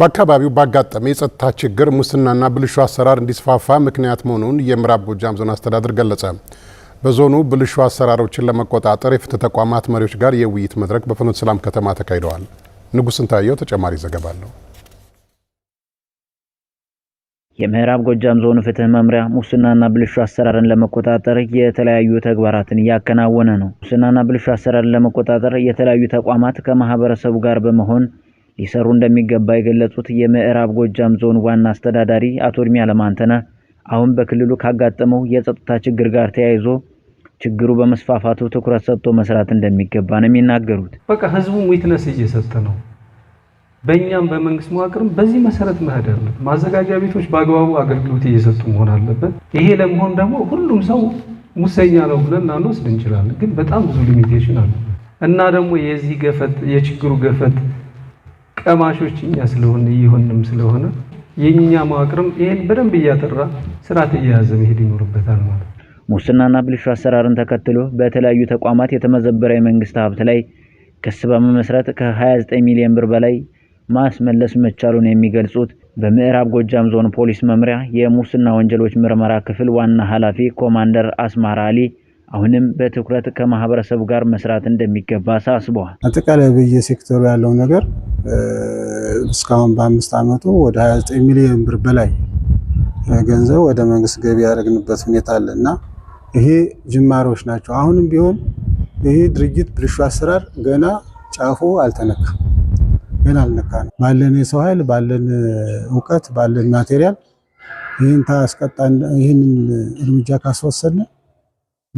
በአካባቢው ባጋጠመ የጸጥታ ችግር ሙስናና ብልሹ አሰራር እንዲስፋፋ ምክንያት መሆኑን የምዕራብ ጎጃም ዞን አስተዳደር ገለጸ። በዞኑ ብልሹ አሰራሮችን ለመቆጣጠር የፍትህ ተቋማት መሪዎች ጋር የውይይት መድረክ በፍኖተ ሰላም ከተማ ተካሂደዋል። ንጉሥ እንታየው ተጨማሪ ዘገባ አለው። የምዕራብ ጎጃም ዞን ፍትህ መምሪያ ሙስናና ብልሹ አሰራርን ለመቆጣጠር የተለያዩ ተግባራትን እያከናወነ ነው። ሙስናና ብልሹ አሰራርን ለመቆጣጠር የተለያዩ ተቋማት ከማህበረሰቡ ጋር በመሆን ሊሰሩ እንደሚገባ የገለጹት የምዕራብ ጎጃም ዞን ዋና አስተዳዳሪ አቶ እድሜ አለማንተነ አሁን በክልሉ ካጋጠመው የጸጥታ ችግር ጋር ተያይዞ ችግሩ በመስፋፋቱ ትኩረት ሰጥቶ መስራት እንደሚገባ ነው የሚናገሩት። በቃ ህዝቡም ዊትነስ እየሰጠ ነው። በእኛም በመንግስት መዋቅርም በዚህ መሰረት መሄድ አለብን። ማዘጋጃ ቤቶች በአግባቡ አገልግሎት እየሰጡ መሆን አለበት። ይሄ ለመሆን ደግሞ ሁሉም ሰው ሙሰኛ ነው ብለን ላንወስድ እንችላለን፣ ግን በጣም ብዙ ሊሚቴሽን አለ እና ደግሞ የዚህ ገፈት የችግሩ ገፈት ቀማሾች እኛ ስለሆነ እየሆንም ስለሆነ የኛ መዋቅርም ይህን በደንብ እያጠራ ስርዓት እየያዘ መሄድ ይኖርበታል ማለት ነው። ሙስናና ብልሹ አሰራርን ተከትሎ በተለያዩ ተቋማት የተመዘበረ የመንግስት ሀብት ላይ ክስ በመመስረት ከ29 ሚሊዮን ብር በላይ ማስመለስ መቻሉን የሚገልጹት በምዕራብ ጎጃም ዞን ፖሊስ መምሪያ የሙስና ወንጀሎች ምርመራ ክፍል ዋና ኃላፊ ኮማንደር አስማራ አሊ አሁንም በትኩረት ከማህበረሰቡ ጋር መስራት እንደሚገባ አሳስበዋል። አጠቃላይ በየሴክተሩ ያለው ነገር እስካሁን በአምስት ዓመቱ ወደ 29 ሚሊዮን ብር በላይ ገንዘብ ወደ መንግስት ገቢ ያደረግንበት ሁኔታ አለ እና ይሄ ጅማሬዎች ናቸው። አሁንም ቢሆን ይሄ ድርጅት ብልሹ አሰራር ገና ጫፉ አልተነካ ገና አልነካ ነው። ባለን የሰው ኃይል ባለን እውቀት ባለን ማቴሪያል ይህን ታስቀጣን ይህንን እርምጃ ካስወሰድን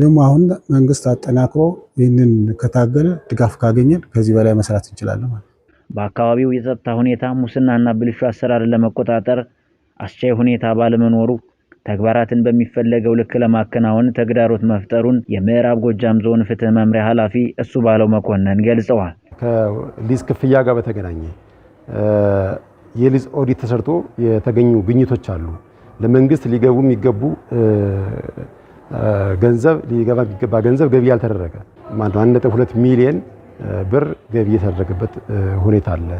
ደግሞ አሁን መንግስት አጠናክሮ ይህንን ከታገለ ድጋፍ ካገኘን ከዚህ በላይ መስራት እንችላለን ማለት ነው። በአካባቢው የጸጥታ ሁኔታ ሙስናና ብልሹ አሰራርን ለመቆጣጠር አስቻይ ሁኔታ ባለመኖሩ ተግባራትን በሚፈለገው ልክ ለማከናወን ተግዳሮት መፍጠሩን የምዕራብ ጎጃም ዞን ፍትህ መምሪያ ኃላፊ እሱ ባለው መኮንን ገልጸዋል። ከሊዝ ክፍያ ጋር በተገናኘ የሊዝ ኦዲት ተሰርቶ የተገኙ ግኝቶች አሉ። ለመንግስት ሊገቡ የሚገቡ ገንዘብ ሊገባ የሚገባ ገንዘብ ገቢ ያልተደረገ 1.2 ሚሊየን ብር ገቢ የተደረገበት ሁኔታ አለ።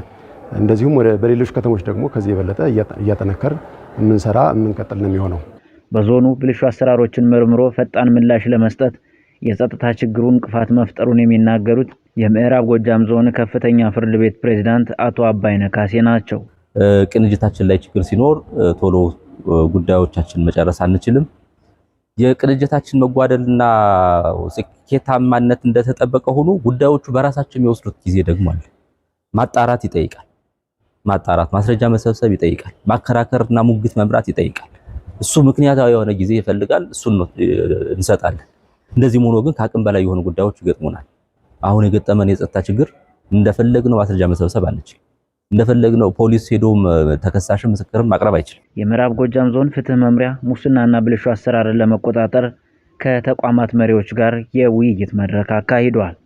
እንደዚሁም በሌሎች ከተሞች ደግሞ ከዚህ የበለጠ እያጠነከር የምንሰራ የምንቀጥል ነው የሚሆነው። በዞኑ ብልሹ አሰራሮችን መርምሮ ፈጣን ምላሽ ለመስጠት የጸጥታ ችግሩ እንቅፋት መፍጠሩን የሚናገሩት የምዕራብ ጎጃም ዞን ከፍተኛ ፍርድ ቤት ፕሬዝዳንት አቶ አባይነህ ካሴ ናቸው። ቅንጅታችን ላይ ችግር ሲኖር ቶሎ ጉዳዮቻችን መጨረስ አንችልም። የቅንጅታችን መጓደልና ስኬታማነት እንደተጠበቀ ሆኖ ጉዳዮቹ በራሳቸው የሚወስዱት ጊዜ ደግሞ አለ። ማጣራት ይጠይቃል። ማጣራት፣ ማስረጃ መሰብሰብ ይጠይቃል። ማከራከርና ሙግት መምራት ይጠይቃል። እሱ ምክንያታዊ የሆነ ጊዜ ይፈልጋል። እሱን እንሰጣለን። እንደዚህም ሆኖ ግን ከአቅም በላይ የሆኑ ጉዳዮች ይገጥሙናል። አሁን የገጠመን የጸጥታ ችግር እንደፈለግነው ማስረጃ መሰብሰብ አንችልም። እንደፈለግነው ፖሊስ ሄዶ ተከሳሽ ምስክርም ማቅረብ አይችልም። የምዕራብ ጎጃም ዞን ፍትህ መምሪያ ሙስናና ብልሹ አሰራርን ለመቆጣጠር ከተቋማት መሪዎች ጋር የውይይት መድረክ አካሂዷል።